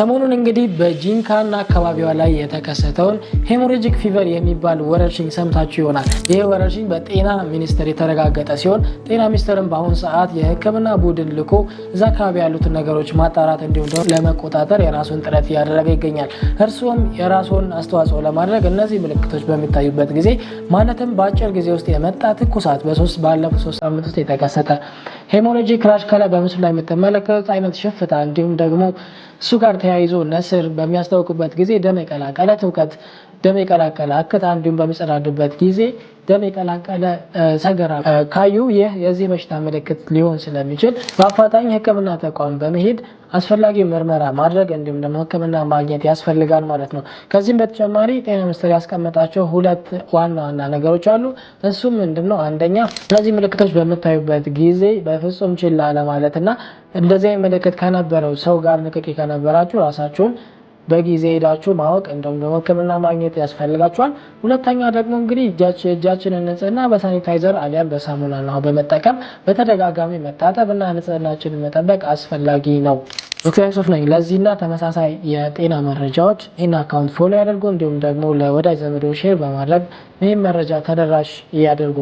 ሰሞኑን እንግዲህ በጂንካና አካባቢዋ ላይ የተከሰተውን ሄሞሬጂክ ፊቨር የሚባል ወረርሽኝ ሰምታችሁ ይሆናል። ይህ ወረርሽኝ በጤና ሚኒስቴር የተረጋገጠ ሲሆን ጤና ሚኒስቴርም በአሁኑ ሰዓት የሕክምና ቡድን ልኮ እዛ አካባቢ ያሉትን ነገሮች ማጣራት እንዲሁም ደግሞ ለመቆጣጠር የራሱን ጥረት እያደረገ ይገኛል። እርስዎም የራሱን አስተዋጽኦ ለማድረግ እነዚህ ምልክቶች በሚታዩበት ጊዜ ማለትም በአጭር ጊዜ ውስጥ የመጣ ትኩሳት በሶስት ባለፉት ሶስት ሳምንት ውስጥ የተከሰተ ሄሞሬጂክ ራሽ ከላይ በምስሉ ላይ የምትመለከቱት አይነት ሽፍታ እንዲሁም ደግሞ እሱ ጋር ተያይዞ ነስር በሚያስታውቅበት ጊዜ ደም የቀላቀለ ትውከት፣ ደም የቀላቀለ እክታ እንዲሁም በሚጸዳዱበት ጊዜ ደም የቀላቀለ ሰገራ ካዩ ይህ የዚህ በሽታ ምልክት ሊሆን ስለሚችል በአፋጣኝ ህክምና ተቋም በመሄድ አስፈላጊ ምርመራ ማድረግ እንዲሁም ደግሞ ህክምና ማግኘት ያስፈልጋል ማለት ነው። ከዚህም በተጨማሪ ጤና ሚኒስትር ያስቀመጣቸው ሁለት ዋና ዋና ነገሮች አሉ። እሱም ምንድን ነው? አንደኛ እነዚህ ምልክቶች በምታዩበት ጊዜ በፍጹም ችላ ለማለትና እንደዚህ ምልክት ከነበረው ሰው ጋር ንክኪ ከነበራችሁ ራሳችሁን በጊዜ ሄዳችሁ ማወቅ እንዲሁም ደግሞ ሕክምና ማግኘት ያስፈልጋችኋል። ሁለተኛ ደግሞ እንግዲህ የእጃችንን ንጽህና በሳኒታይዘር አሊያም በሳሙና በሳሙናና በመጠቀም በተደጋጋሚ መታጠብ እና ንጽህናችንን መጠበቅ አስፈላጊ ነው። ዶክተር ሱክሴሶች ነኝ። ለዚህና ተመሳሳይ የጤና መረጃዎች ይህን አካውንት ፎሎ ያደርጉ፣ እንዲሁም ደግሞ ለወዳጅ ዘመዶ ሼር በማድረግ ይህም መረጃ ተደራሽ ያደርጉ።